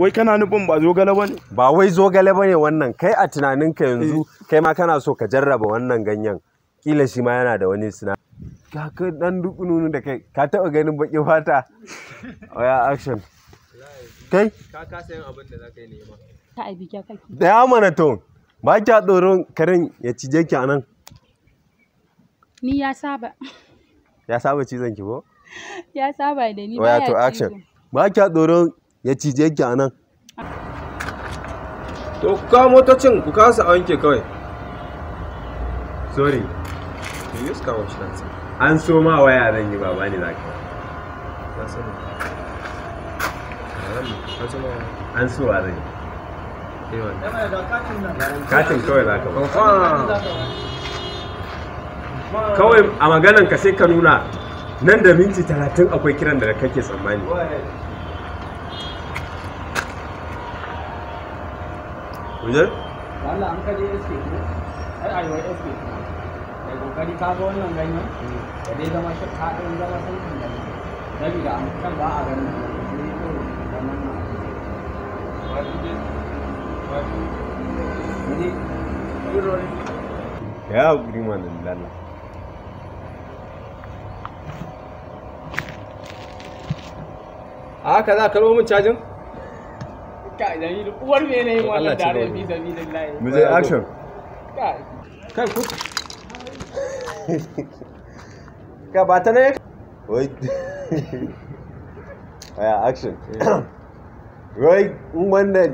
wai kana nufin ba zogale bane ba wai zogale bane wannan kai a tunaninka eh. yanzu kai ma kana so ka jarraba wannan ganyen kila shi ma yana da wani suna ka ka dan nunu da kai ka taba ganin baki fata oya oh, action kai ka ka sayan abin da zaka yi nema ta abi ka kai da ya mana to ba kya tsoron karin ya cije ki anan ni ya saba ya saba cizon ki ko ya saba da ni oh, ba ya to action ba kya tsoron ya cije yake a nan to ku kawo motocin ku kasa a wanke kawai sorry yi suka kawo shi an so ma waya zan yi baba ne zaka ka yi. an so wa zan yi katin kawai zaka ba kawai a maganan ka sai ka nuna nan da minti talatin akwai kiran da kake tsammani wannan ganyen? zama da. a ganin. Ya mana A za karɓo min cajin? kai jamilu uwar me ne wannan dare bi sabilillahi mu je action kai kai ku ka ba ta ne wai aya action eh. wai wannan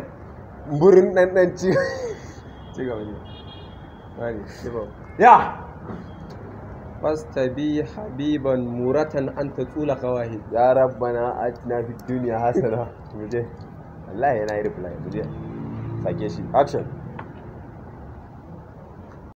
burin dan dan ci ci gaba ne wani ci gaba ya fastabi habiban muratan an ta tsula kawahid ya rabbana atina fi duniya hasana mu je wallahi yana yi reply mu je sake shi action